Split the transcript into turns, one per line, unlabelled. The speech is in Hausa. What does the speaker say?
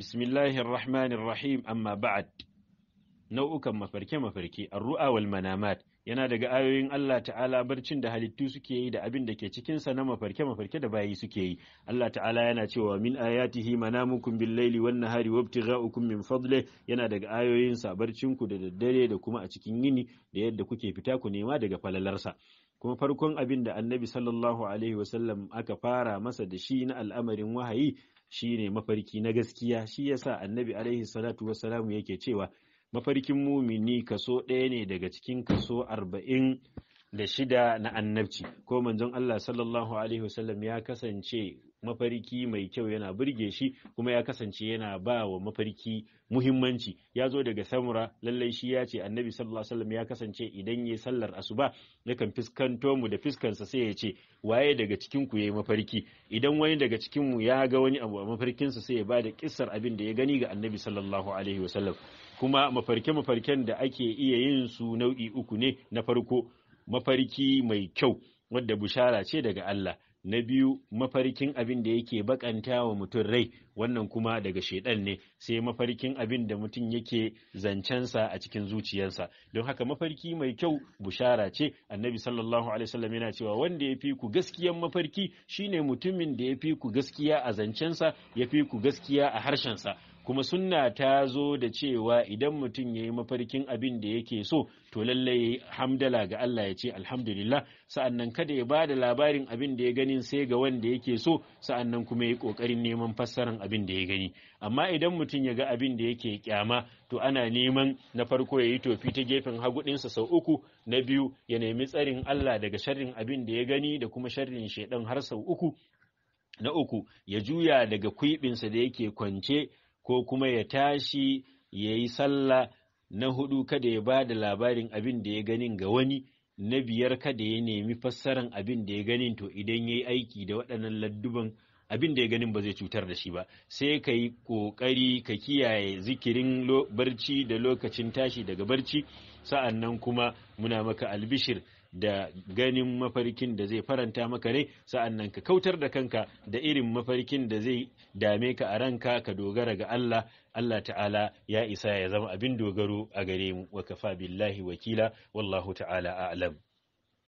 bismillahir rahmanir rahim amma ba'ad nau'ukan mafarke mafarke arru'a wal manamat yana daga ayoyin Allah ta'ala barcin da halittu suke yi da abin da ke cikin sa na mafarke-mafarke da bayi suke yi Allah ta'ala yana cewa min ayatihi manamukum bil laili wan nahari wabtigha'ukum min fadli yana daga ayoyin sa barcin ku da daddare da kuma a cikin yini da yadda kuke fita ku nema daga falalarsa kuma farkon abin da annabi sallallahu alaihi wasallam aka fara masa da shi na al'amarin wahayi shi ne mafarki na gaskiya shi yasa annabi alaihi salatu wasalam yake cewa mafarkin mumini kaso ɗaya ne daga cikin kaso arba'in da shida na annabci ko manzon Allah sallallahu alaihi wasallam ya kasance mafariki mai kyau yana burge shi kuma ya kasance yana ba wa mafarki muhimmanci ya zo daga samura lallai shi ya ce annabi sallallahu alaihi wasallam ya kasance idan ya sallar asuba yakan fiskanto mu da fiskansa sai ya ce waye daga cikin ku yayi mafarki idan wani daga cikin mu ya ga wani abu a mafarkinsa sai ya bada kissar abin da ya gani ga annabi sallallahu alaihi wasallam kuma mafarke mafarken da ake iya yin su nau'i uku ne na farko mafarki mai kyau wadda bushara ce daga Allah na biyu mafarkin abin da yake bakanta wa mutum rai wannan kuma daga shaidan ne sai mafarkin abin da mutum yake zancensa a cikin zuciyarsa don haka mafarki mai kyau bushara ce annabi sallallahu alaihi wasallam yana cewa wanda ya fi ku gaskiyan mafarki shine mutumin da ya fi ku gaskiya a zancensa ya fi ku gaskiya a harshensa kuma sunna ta zo da cewa idan mutum ya yi mafarkin abin da yake so to lallai hamdala ga Allah ya ce alhamdulillah sa'an nan kada ya ba da labarin abin da ya ganin sai ga wanda yake so sa'an nan kuma ya yi kokarin neman fassaran abin da ya gani amma idan mutum ya ga abin da yake kyama to ana neman na farko ya yi tofi ta gefen hagu sau uku na biyu ya nemi tsarin Allah daga sharrin abin da ya gani da kuma sharrin shaidan har sau uku na uku ya juya daga kwiɓinsa da yake kwance ko kuma ya tashi ya yi sallah na hudu kada ya ba da labarin abin da ya ganin ga wani na biyar kada ya nemi fassaran abin da ya ganin to idan ya yi aiki da waɗannan ladduban abin da ya ganin ba zai cutar da shi ba sai ka yi ƙoƙari ka kiyaye zikirin barci da lokacin tashi daga barci sa'an nan kuma muna maka albishir da ganin mafarkin da zai faranta maka rai sa'an nan ka kautar da kanka da irin mafarkin da zai dame ka a ranka ka dogara ga Allah Allah ta'ala ya isa ya zama abin dogaro a gare mu wa kafa billahi wakila wallahu ta'ala a'lam